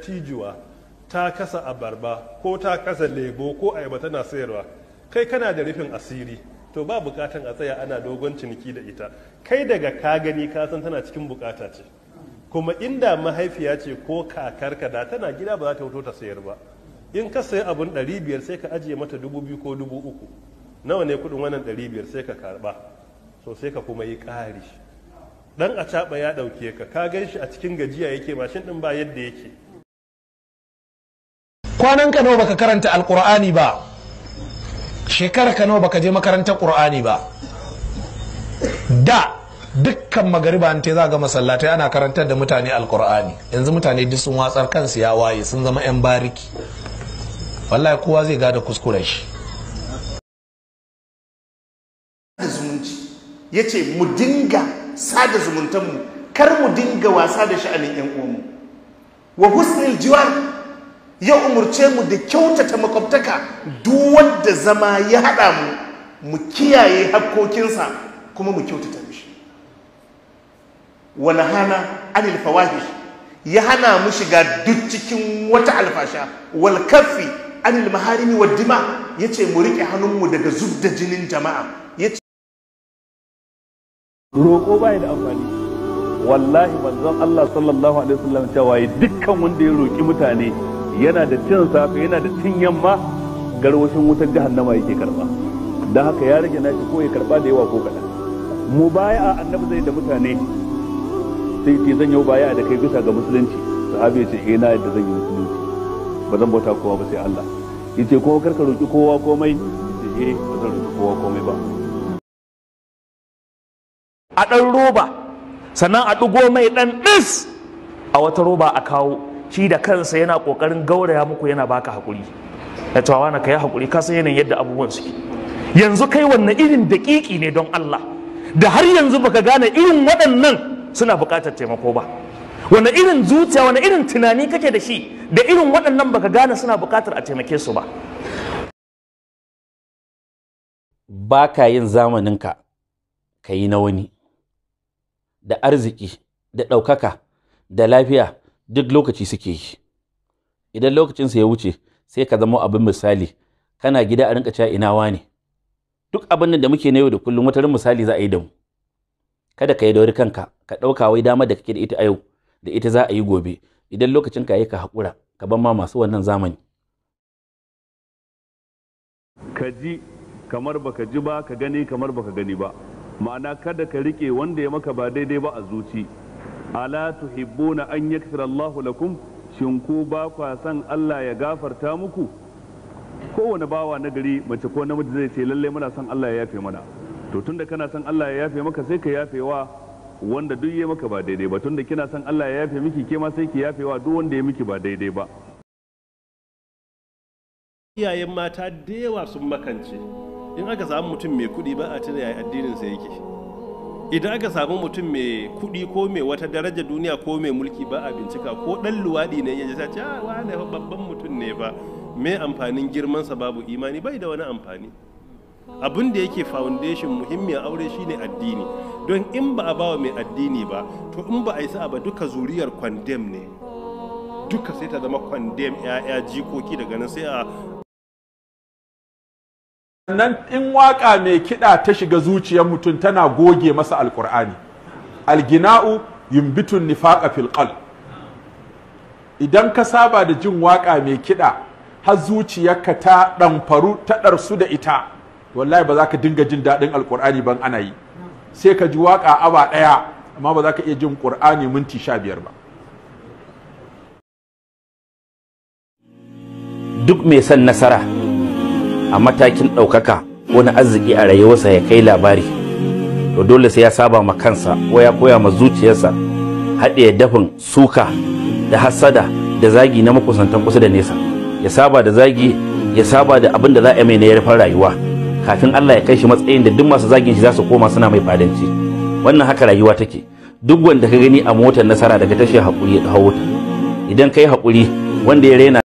tijuwa ta kasa abarba ko ta kasa lebo ko ayaba tana sayarwa kai kana da rufin asiri to ba bukatan a tsaya ana dogon ciniki da ita kai daga ka gani ka tana cikin bukata ce kuma inda mahaifiya ce ko kakarka da tana gida ba za ta fito ta sayar ba in ka sayi abun 500 sai ka ajiye mata 2000 ko 3000 nawa ne kudin wannan 500 sai ka karba so sai ka kuma yi kari dan a ya ɗauke ka ka gan shi a cikin gajiya yake mashin ɗin ba yadda yake kwanan ka nawa baka karanta alkur'ani ba shekara ka nawa baka je makarantar qur'ani ba da dukkan magariba an za ga masallatai ana karantar da mutane alkur'ani yanzu mutane duk sun watsar kansu ya waye sun zama yan bariki wallahi kowa zai gada kuskuren shi ya ce mu dinga sada zumuntanmu kar mu dinga wasa da sha'anin 'yan uwanmu wa husnil jiwar ya umurce mu da kyautata makwabtaka duk wanda zama ya haɗa mu mu kiyaye hakkokinsa kuma mu kyautata mishi wani hana anil fawahish ya hana mu shiga duk cikin wata alfasha wal kafi anil maharimi wa dima ce mu riƙe hannunmu daga zub da jinin jama'a ce roƙo bai da amfani wallahi manzon Allah sallallahu alaihi wasallam cewa dukkan wanda ya roƙi mutane yana da cin safe yana da cin yamma garwashin wutar jihar, jahannama yake karba don haka ya rage nashi ko ya karba da yawa ko kaɗan mu baya annabi zai da mutane sai ke zan yau baya da kai bisa ga musulunci sahabi ya ce eh na yadda zan yi musulunci ba zan bauta kowa ba sai Allah Ya ce kowa karka roki kowa komai eh ba zan roki kowa komai ba a ɗan roba sannan a ɗigo mai ɗan ɗis a wata roba a kawo shi da kansa yana kokarin gauraya muku yana baka hakuri da cewa na kai hakuri ka san yanayin yadda abubuwan suke yanzu kai wannan irin daƙiƙi ne don Allah da har yanzu baka gane irin waɗannan suna buƙatar taimako ba wanda irin zuciya wanda irin tunani kake da shi da irin waɗannan baka gane suna buƙatar a taimake su ba ba ka yin zamaninka ka yi na wani da arziki da ɗaukaka da lafiya duk lokaci suke yi idan lokacinsa ya wuce sai ka zama abin misali kana gida a rinka cewa ina wane duk abin da muke na yau da kullum wata misali za a yi da mu kada ka yi dauri kanka ka ɗauka wai dama da kake da ita a yau da ita za a yi gobe idan lokacin ka yi ka haƙura ka ban ma masu wannan zamani ka ji kamar baka ji ba ka gani kamar baka gani ba ma'ana kada ka rike wanda ya maka ba daidai ba a zuci ala tuhibbuna an yaghfira Allahu lakum shin ku ba kwa san Allah ya gafarta muku kowane bawa na gari mace ko namiji zai ce lalle muna son Allah ya yafe mana to tunda kana son Allah ya yafe maka sai ka yafe wa wanda duk ya maka ba daidai ba tunda kina son Allah ya yafe miki ke ma sai ki yafe wa duk wanda ya miki ba daidai ba iyayen mata da yawa sun makance in aka samu mutum mai kudi ba a tare yayin addinin sa yake idan aka samu mutum mai kuɗi ko mai wata daraja duniya ko mai mulki ba a bincika ko ɗan luwaɗi ne ya ce a ah, wane babban mutum ne ba me amfanin girmansa babu imani bai da wani amfani abin da yake foundation muhimmiyar aure shine addini don in ba a bawa mai addini ba to in ba a yi sa'a ba duka zuriyar kwandem ne duka sai ta zama kwandem ya'ya jikoki daga nan sai a sannan in waka mai kiɗa ta shiga zuciyar mutum tana goge masa alkur'ani algina'u yumbitun nifaqa fil idan ka saba da jin waka mai kiɗa har zuciyarka ta ɗamfaru ta ɗarsu da ita wallahi ba za ka dinga jin daɗin alkur'ani ban ana yi sai ka ji waka awa ɗaya amma ba za ka iya jin ƙur'ani minti sha biyar ba duk mai son nasara a matakin ɗaukaka wani arziki a rayuwarsa ya kai labari to dole sai ya saba ma kansa ko ya koya ma zuciyarsa haɗe dafin suka da hasada da zagi na makusantan kusa da nesa ya saba da zagi ya saba da abin da za a mai na yarfan rayuwa kafin Allah ya kai shi matsayin da duk masu zagin shi za su koma suna mai fadanci wannan haka rayuwa take duk wanda ka gani a motar nasara daga tashar hakuri ya hawo idan kai hakuri wanda ya rena